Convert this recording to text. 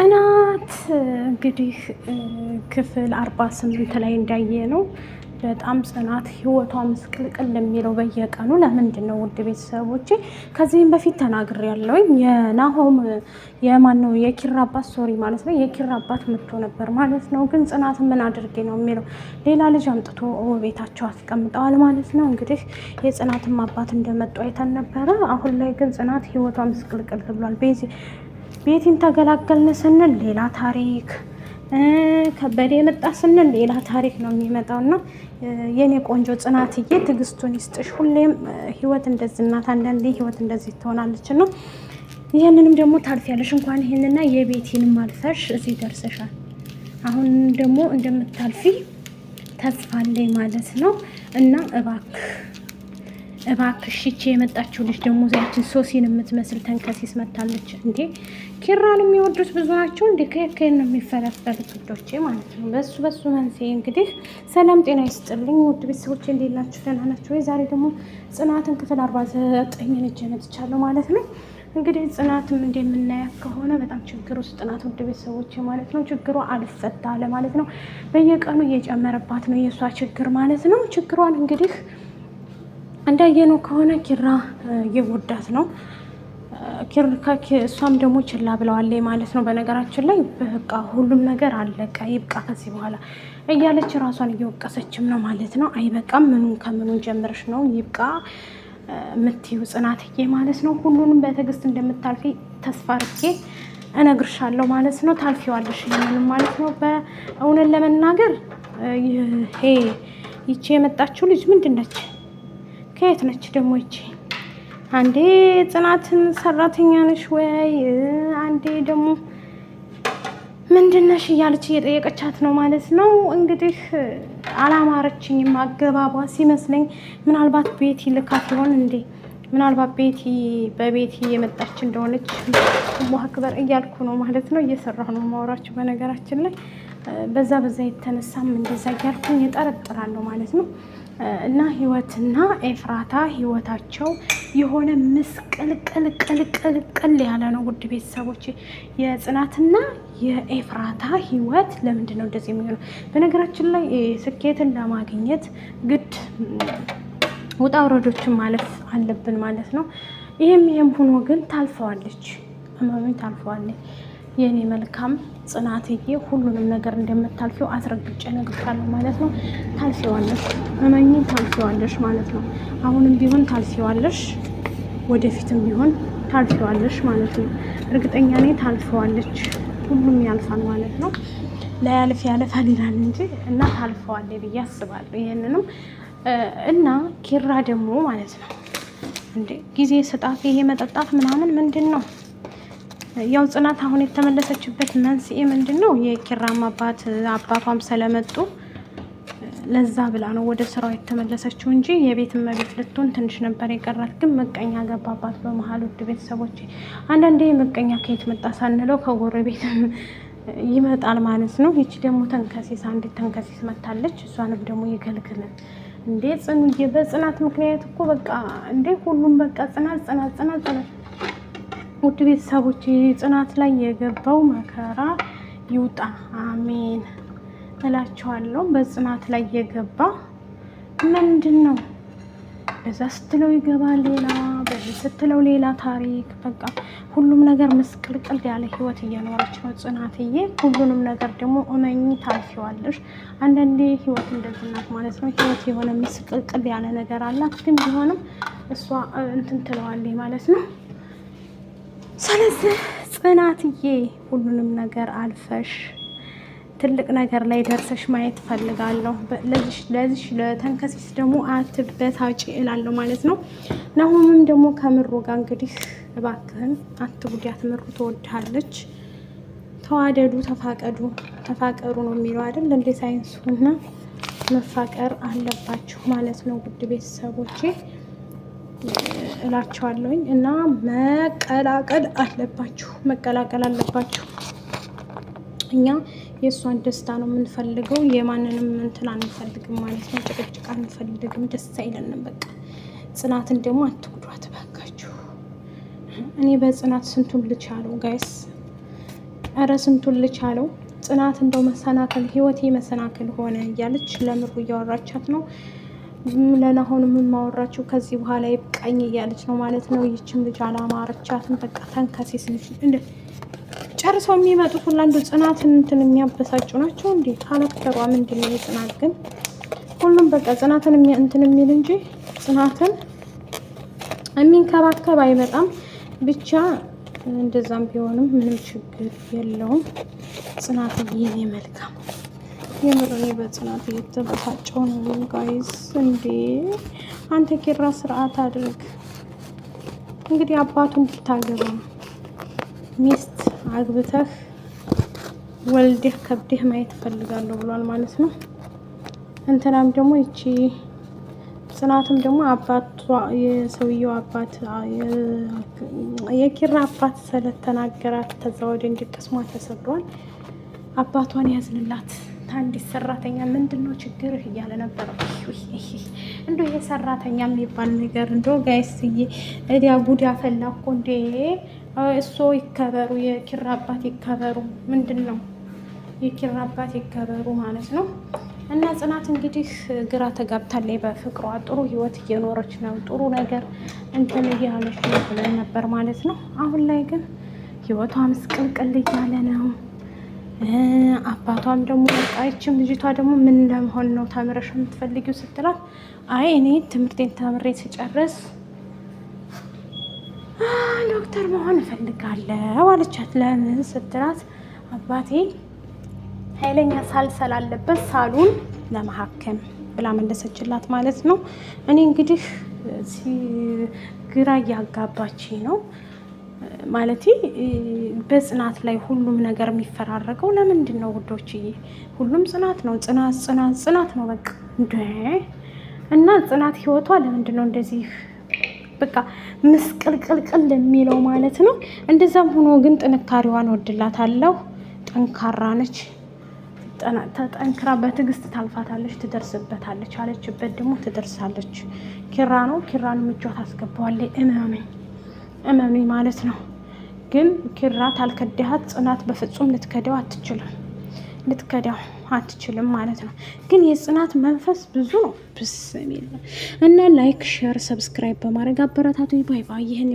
ጽናት እንግዲህ ክፍል አርባ ስምንት ላይ እንዳየ ነው በጣም ጽናት ህይወቷ ምስቅልቅል የሚለው በየቀኑ ለምንድን ነው? ውድ ቤተሰቦች ከዚህም በፊት ተናግር ያለውኝ የናሆም የማን ነው የኪራ አባት ሶሪ ማለት ነው የኪራ አባት መጥቶ ነበር ማለት ነው። ግን ጽናት ምን አድርጌ ነው የሚለው ሌላ ልጅ አምጥቶ ቤታቸው አስቀምጠዋል ማለት ነው። እንግዲህ የጽናትም አባት እንደመጡ አይተን ነበረ። አሁን ላይ ግን ጽናት ህይወቷ ምስቅልቅል ብሏል። ቤቲን ተገላገልን ስንል ሌላ ታሪክ፣ ከበደ የመጣ ስንል ሌላ ታሪክ ነው የሚመጣው። እና የኔ ቆንጆ ጽናትዬ ትዕግስቱን ይስጥሽ። ሁሌም ህይወት እንደዚህ እናት አንዳንዴ ህይወት እንደዚህ ትሆናለች ነው። ይህንንም ደግሞ ታልፊያለሽ። እንኳን ይህንና የቤቲንም አልፈሽ እዚህ ደርሰሻል። አሁን ደግሞ እንደምታልፊ ተስፋ አለኝ ማለት ነው እና እባክ እባክሽቼ የመጣችው ልጅ ደግሞ ዛችን ሶሲን የምትመስል ተንከሲስ መታለች። እንዴ ኪራን የሚወዱት ብዙ ናቸው። እንዴ? ከየከይን ነው የሚፈለፈሉት ውዶቼ ማለት ነው። በሱ በሱ መንስኤ እንግዲህ ሰላም ጤና ይስጥልኝ ውድ ቤተሰቦች እንዴት ናችሁ? ደህና ናችሁ ወይ? ዛሬ ደግሞ ጽናትን ክፍል አርባ ዘጠኝ ልጅ መጥቻለሁ ማለት ነው። እንግዲህ ጽናትም እንደምናያት ከሆነ በጣም ችግር ውስጥ ጽናት ውድ ቤተሰቦች ማለት ነው። ችግሯ አልፈታ ማለት ነው። በየቀኑ እየጨመረባት ነው የእሷ ችግር ማለት ነው። ችግሯን እንግዲህ እንዳየነው ከሆነ ኪራ የጎዳት ነው። እሷም ደግሞ ችላ ብለዋለች ማለት ነው። በነገራችን ላይ በቃ ሁሉም ነገር አለቀ ይብቃ ከዚህ በኋላ እያለች ራሷን እየወቀሰችም ነው ማለት ነው። አይ በቃም ምኑን ከምኑን ጀምረሽ ነው ይብቃ የምትይው ጽናትዬ ማለት ነው። ሁሉንም በትዕግስት እንደምታልፊ ተስፋ አድርጌ እነግርሻለሁ ማለት ነው። ታልፊዋለሽ ይህንንም ማለት ነው። በእውነት ለመናገር ይሄ ይቺ የመጣችው ልጅ ምንድን ነች? ከየት ነች ደግሞ ይቺ? አንዴ ጽናትን ሰራተኛ ነሽ ወይ አንዴ ደግሞ ምንድነሽ እያለች እየጠየቀቻት ነው ማለት ነው። እንግዲህ አላማረችኝም አገባቧ ሲመስለኝ። ምናልባት ቤቲ ልካት ይሆን እንዴ? ምናልባት ቤቲ በቤቲ የመጣች እንደሆነች ማክበር እያልኩ ነው ማለት ነው። እየሰራሁ ነው ማወራችሁ። በነገራችን ላይ በዛ በዛ የተነሳም እንደዛ እያልኩኝ እጠረጥራለሁ ማለት ነው። እና ህይወትና ኤፍራታ ህይወታቸው የሆነ ምስቅልቅልቅልቅልቅል ያለ ነው። ውድ ቤተሰቦች የጽናትና የኤፍራታ ህይወት ለምንድን ነው እንደዚህ የሚሆነው? በነገራችን ላይ ስኬትን ለማግኘት ግድ ውጣ ውረዶችን ማለፍ አለብን ማለት ነው። ይህም ይህም ሆኖ ግን ታልፈዋለች፣ አማሚ ታልፈዋለች። የእኔ መልካም ጽናትዬ ሁሉንም ነገር እንደምታልፊው አስረግጬ ነግርታለሁ ማለት ነው። ታልፊዋለች። እመኝ ታልፊዋለሽ ማለት ነው። አሁንም ቢሆን ታልፊዋለሽ፣ ወደፊትም ቢሆን ታልፊዋለሽ ማለት ነው። እርግጠኛ ነኝ ታልፈዋለች። ሁሉም ያልፋል ማለት ነው። ላያልፍ ያለፋል ይላል እንጂ እና ታልፈዋለ ብዬ አስባለሁ። ይህንንም እና ኪራ ደግሞ ማለት ነው እንዴ ጊዜ ስጣት። ይሄ መጠጣት ምናምን ምንድን ነው? ያው ጽናት አሁን የተመለሰችበት መንስኤ ምንድን ነው? የኪራም አባት አባቷም ስለመጡ ለዛ ብላ ነው ወደ ስራው የተመለሰችው እንጂ የቤት እመቤት ልትሆን ትንሽ ነበር የቀራት። ግን ምቀኛ ገባባት በመሀል። ውድ ቤተሰቦች አንዳንዴ ምቀኛ ከየት መጣ ሳንለው ከጎረቤት ይመጣል ማለት ነው። ይቺ ደግሞ ተንከሴስ አንዲት ተንከሴስ መታለች። እሷንም ደግሞ ይገልግልን እንዴ ጽኑዬ። በጽናት ምክንያት እኮ በቃ እንዴ ሁሉም በቃ ጽናት ጽናት ጽናት ጽናት። ውድ ቤተሰቦች ጽናት ላይ የገባው መከራ ይውጣ፣ አሜን። እላቸዋለሁ። በጽናት ላይ የገባ ምንድን ነው በዛ ስትለው ይገባል ሌላ፣ በዚህ ስትለው ሌላ ታሪክ። በቃ ሁሉም ነገር ምስቅልቅል ያለ ህይወት እየኖረች ነው ጽናትዬ። ሁሉንም ነገር ደግሞ እመኝ ታልፊዋለሽ። አንዳንዴ ህይወት እንደዝናት ማለት ነው። ህይወት የሆነ ምስቅልቅል ያለ ነገር አላት፣ ግን ቢሆንም እሷ እንትን ትለዋለች ማለት ነው። ስለዚህ ጽናትዬ ሁሉንም ነገር አልፈሽ ትልቅ ነገር ላይ ደርሰሽ ማየት ፈልጋለሁ። ለዚሽ ለተንከሲስ ደግሞ አትበሳጭ እላለሁ ማለት ነው። ናሆምም ደግሞ ከምሮ ጋር እንግዲህ እባክህን አትጉዳት፣ ምሩ ትወድሃለች፣ ተዋደዱ፣ ተፋቀዱ፣ ተፋቀሩ ነው የሚለው አይደል? እንደ ሳይንሱና መፋቀር አለባችሁ ማለት ነው። ውድ ቤተሰቦቼ እላቸዋለሁኝ እና መቀላቀል አለባችሁ፣ መቀላቀል አለባችሁ እኛ የእሷን ደስታ ነው የምንፈልገው። የማንንም እንትን አንፈልግም ማለት ነው። ጭቅጭቅ አንፈልግም። ደስ አይለንም። በቃ ጽናትን ደግሞ አትጉዷት ባካችሁ። እኔ በጽናት ስንቱን ልቻለው ጋይስ፣ እረ ስንቱን ልቻለው። ጽናት እንደው መሰናክል ህይወቴ መሰናክል ሆነ እያለች ለምሩ እያወራቻት ነው። ለናሆን የምማወራቸው ከዚህ በኋላ ይብቃኝ እያለች ነው ማለት ነው። ይችም ልጅ አላማረቻትም። በቃ ተንከሴስ ልጅ ጨርሰው የሚመጡት ሁላንዱ እንዱ ጽናትን እንትን የሚያበሳጩ ናቸው። እንዲ ካለክተሯ ምንድን ነው ጽናት ግን ሁሉም በቃ ጽናትን እንትን የሚል እንጂ ጽናትን የሚንከባከብ አይመጣም። ብቻ እንደዛም ቢሆንም ምንም ችግር የለውም። ጽናት የኔ መልካም የምሮኔ በጽናት እየተበሳጨው ነው ጋይስ። እንዴ አንተ ኪራ ስርዓት አድርግ እንግዲህ አባቱ እንድታገባ ሚስት አግብተህ ወልደህ ከብደህ ማየት እፈልጋለሁ ብሏል ማለት ነው። እንትናም ደግሞ ይቺ ጽናትም ደግሞ አባቷ የሰውየው አባት የኪራ አባት ስለተናገራት ከዛ ወደ እንግዲህ ቅስሟ ተሰብሯል። አባቷን ያዝንላት አንዲት ሰራተኛ ምንድን ነው ችግርህ እያለ ነበረ። እንዶ ይሄ ሰራተኛ የሚባል ነገር እንዶ ጋይስዬ እዲያ ጉዳ ፈላ እንዴ እሶ ይከበሩ፣ የኪራ አባት ይከበሩ። ምንድን ነው የኪራ አባት ይከበሩ ማለት ነው። እና ጽናት እንግዲህ ግራ ተጋብታለች በፍቅሯ። ጥሩ ህይወት እየኖረች ነው፣ ጥሩ ነገር እንትን እያለች ነው ብለን ነበር ማለት ነው። አሁን ላይ ግን ህይወቷ ምስቅልቅል እያለ ነው። አባቷም ደግሞ ቃይችም ልጅቷ ደግሞ ምን ለመሆን ነው ተምረሽ የምትፈልጊው ስትላት፣ አይ እኔ ትምህርቴን ተምሬ ስጨርስ ዶክተር መሆን እፈልጋለሁ አለቻት። ለምን ስትላት አባቴ ኃይለኛ ሳልሰል አለበት ሳሉን ለማሀከም ብላ መለሰችላት ማለት ነው። እኔ እንግዲህ ግራ እያጋባች ነው ማለት በጽናት ላይ ሁሉም ነገር የሚፈራረቀው ለምንድን ነው ውዶችዬ? ሁሉም ጽናት ነው፣ ጽናት ጽናት ጽናት ነው በቃ እንደ እና ጽናት ህይወቷ ለምንድን ነው እንደዚህ በቃ ምስቅልቅልቅል የሚለው ማለት ነው። እንደዛም ሆኖ ግን ጥንካሬዋን ወድላታለሁ። ጠንካራ ነች። ተጠንክራ በትዕግስት ታልፋታለች፣ ትደርስበታለች። አለችበት ደግሞ ትደርሳለች። ኪራ ነው ኪራን ምቿ ታስገባዋለች። እመሜ እመሜ ማለት ነው። ግን ኪራ ታልከዳሃት ጽናት በፍጹም ልትከዳው አትችልም። ልትከዳው አትችልም ማለት ነው። ግን የጽናት መንፈስ ብዙ ነው። ብስም የለም እና ላይክ፣ ሼር፣ ሰብስክራይብ በማድረግ አበረታቱ። ባይ ባይ። ይህን